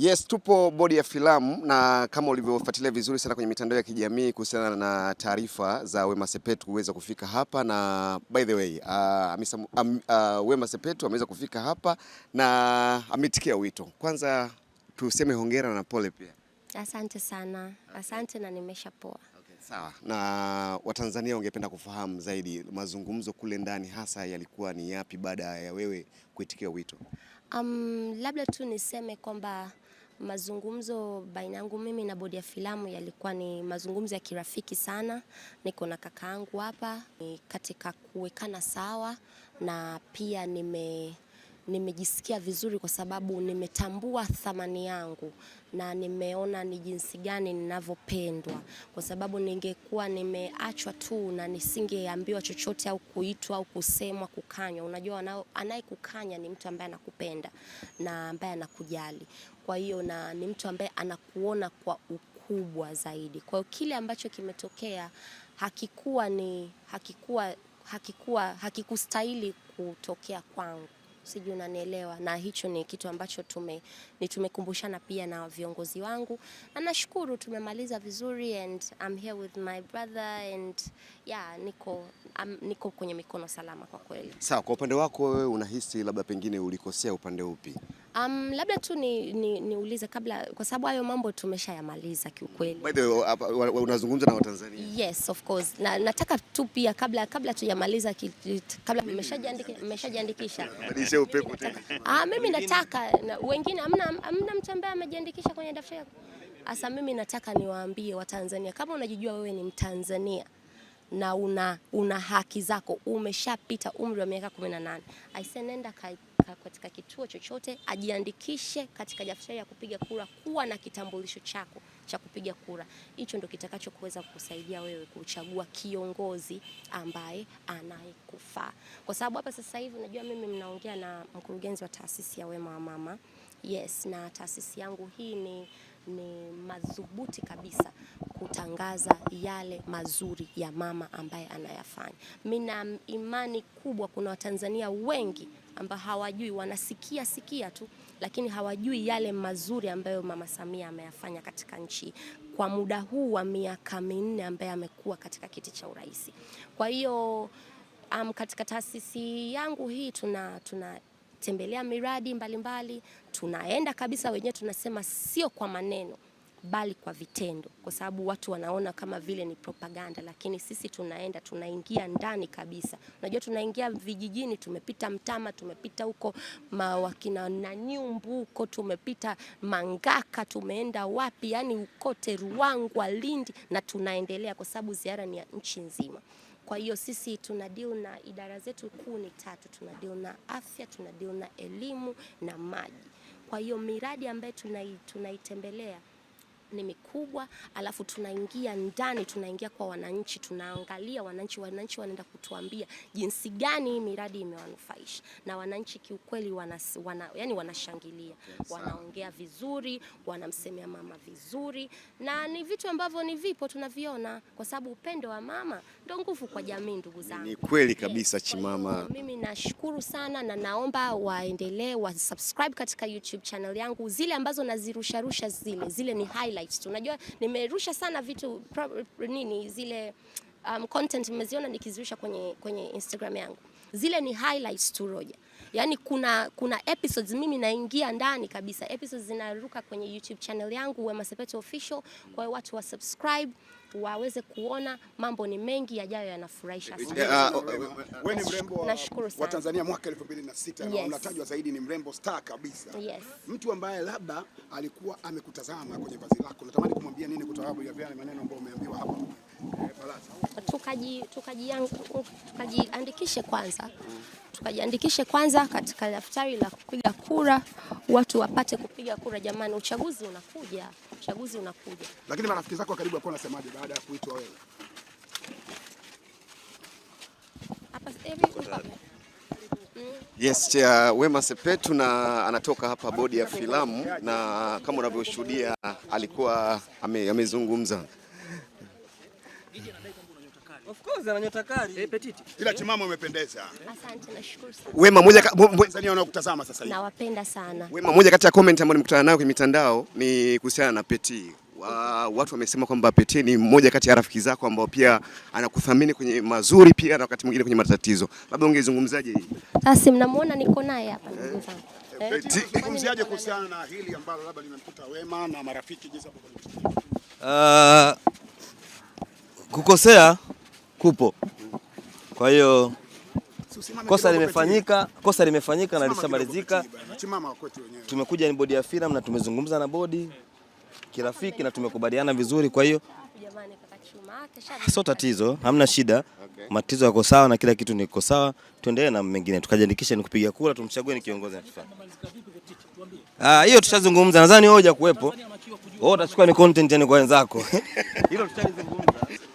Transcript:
Yes, tupo bodi ya filamu na kama ulivyofuatilia vizuri sana kwenye mitandao ya kijamii kuhusiana na taarifa za Wema Sepetu kuweza kufika hapa, na by the way uh, um, uh, Wema Sepetu ameweza kufika hapa na ametikia wito. Kwanza tuseme hongera na pole pia. Asante sana, asante na nimeshapoa. Okay, sawa. Na Watanzania wangependa kufahamu zaidi mazungumzo kule ndani hasa yalikuwa ni yapi baada ya wewe kuitikia wito? Um, labda tu niseme kwamba Mazungumzo baina yangu mimi na bodi ya filamu yalikuwa ni mazungumzo ya kirafiki sana. Niko na kakaangu hapa katika kuwekana sawa, na pia nime nimejisikia vizuri kwa sababu nimetambua thamani yangu na nimeona ni jinsi gani ninavyopendwa, kwa sababu ningekuwa nimeachwa tu na nisingeambiwa chochote au kuitwa au kusemwa, kukanywa. Unajua, anayekukanya ni mtu ambaye anakupenda na ambaye anakujali, kwa hiyo na ni mtu ambaye anakuona kwa ukubwa zaidi. Kwa hiyo kile ambacho kimetokea hakikuwa ni hakikuwa hakikuwa hakikustahili kutokea kwangu sijui unanielewa, na hicho ni kitu ambacho tume ni tumekumbushana pia na viongozi wangu, na nashukuru tumemaliza vizuri and I'm here with my brother and yeah, niko um, niko kwenye mikono salama kwa kweli. Sawa, kwa upande wako wewe unahisi labda pengine ulikosea upande upi? Um, labda tu ni, ni, ni kabla kwa sababu hayo mambo tumeshayamaliza kiukweli. By the way, unazungumza na Watanzania? Yes, of course. Na, nataka tu pia kabla kabla tujamaliza kabla Upepo tena. Ah, mimi nataka na, wengine amna amna mtu ambaye amejiandikisha kwenye daftari yako. Asa mimi nataka niwaambie Watanzania kama unajijua wewe ni Mtanzania na una, una haki zako umeshapita umri wa miaka 18. Aisenenda kai katika kituo chochote ajiandikishe katika daftari ya kupiga kura, kuwa na kitambulisho chako cha kupiga kura. Hicho ndio kitakacho kuweza kukusaidia wewe kuchagua kiongozi ambaye anayekufaa, kwa sababu hapa sasa hivi unajua, mimi mnaongea na mkurugenzi wa taasisi ya Wema wa Mama. Yes, na taasisi yangu hii ni, ni madhubuti kabisa kutangaza yale mazuri ya mama ambaye anayafanya. Mina imani kubwa kuna Watanzania wengi ambao hawajui, wanasikia sikia tu, lakini hawajui yale mazuri ambayo Mama Samia ameyafanya katika nchi kwa muda huu wa miaka minne ambaye amekuwa katika kiti cha urais. Kwa hiyo um, katika taasisi yangu hii tuna, tuna tembelea miradi mbalimbali mbali, tunaenda kabisa wenyewe tunasema sio kwa maneno bali kwa vitendo, kwa sababu watu wanaona kama vile ni propaganda, lakini sisi tunaenda tunaingia ndani kabisa. Unajua, tunaingia vijijini, tumepita Mtama, tumepita huko mawakina na Nyumbu huko, tumepita Mangaka, tumeenda wapi, yani Ukote, Ruangwa, Lindi na tunaendelea, kwa sababu ziara ni ya nchi nzima. Kwa hiyo sisi tuna deal na idara zetu kuu ni tatu, tuna deal na afya, tuna deal na elimu na maji. Kwa hiyo miradi ambayo tunaitembelea tuna ni mikubwa, alafu tunaingia ndani, tunaingia kwa wananchi, tunaangalia wananchi, wananchi wanaenda kutuambia jinsi gani hii miradi imewanufaisha, na wananchi kiukweli wana, wana, yani wanashangilia yes, wanaongea vizuri, wanamsemea mama vizuri, na ni vitu ambavyo ni vipo tunaviona, kwa sababu upendo wa mama ndo nguvu kwa jamii. Ndugu zangu, ni kweli kabisa Chimama. Mimi nashukuru sana na naomba waendelee wa subscribe katika YouTube channel yangu, zile ambazo nazirusharusha zile zile ni highlight highlights tu. Unajua nimerusha sana vitu nini zile um, content nimeziona nikizirusha kwenye, kwenye Instagram yangu zile ni highlights tu Roger yani kuna, kuna episodes mimi naingia ndani kabisa, episodes zinaruka kwenye YouTube channel yangu Wema Sepetu Official. Kwa hiyo watu wa subscribe waweze kuona mambo ni mengi yajayo yanafurahisha sana. Eh, ah, oh, oh, oh, Wewe ni mrembo wa, wa Tanzania mwaka 2006 yes. na unatajwa zaidi ni mrembo star kabisa yes. Mtu ambaye labda alikuwa amekutazama kwenye vazi lako, natamani kumwambia nini kutawaa ya maneno ambayo umeambiwa hapa tukajiandikishe tukaji kwanza tukajiandikishe kwanza katika daftari la kupiga kura, watu wapate kupiga kura. Jamani, uchaguzi unakuja, uchaguzi unakuja. Lakini marafiki zako karibu hapo wanasemaje baada ya kuitwa wewe hapa hmm? Yes, cha Wema Sepetu na anatoka hapa bodi ya filamu, na kama unavyoshuhudia alikuwa amezungumza ame Of course ana nyota kali. Eh, Ila chimama umependeza. Asante na sana. Wema moja wanaokutazama sasa hivi. Nawapenda sana. Wema moja kati ya comment ambayo nimekutana nayo kwenye mitandao ni kuhusiana na Peti. Wa, watu wamesema kwamba Peti ni mmoja kati ya rafiki zako ambao pia anakuthamini kwenye mazuri pia na wakati mwingine kwenye matatizo. Labda ungezungumzaje hii? Sasa mnamuona niko naye hapa ndugu eh, zangu. Eh, eh, zungumziaje kuhusiana na hili ambalo labda limemkuta Wema na marafiki jinsi ambavyo. Uh, kukosea kupo. Kwa hiyo kosa limefanyika, kosa limefanyika na lishamalizika. Tumekuja ni bodi ya filamu na tumezungumza na bodi kirafiki na tumekubaliana vizuri, kwa hiyo sio tatizo, hamna shida. Matizo yako sawa na kila kitu niko sawa, tuendelee na mengine, tukajiandikisha ni kupiga kura, tumchague ni kiongozi anatufaa. Ah, hiyo tushazungumza, nadhani wewe hujakuwepo. Wewe utachukua ni content yani kwa wenzako hilo tutalizungumza.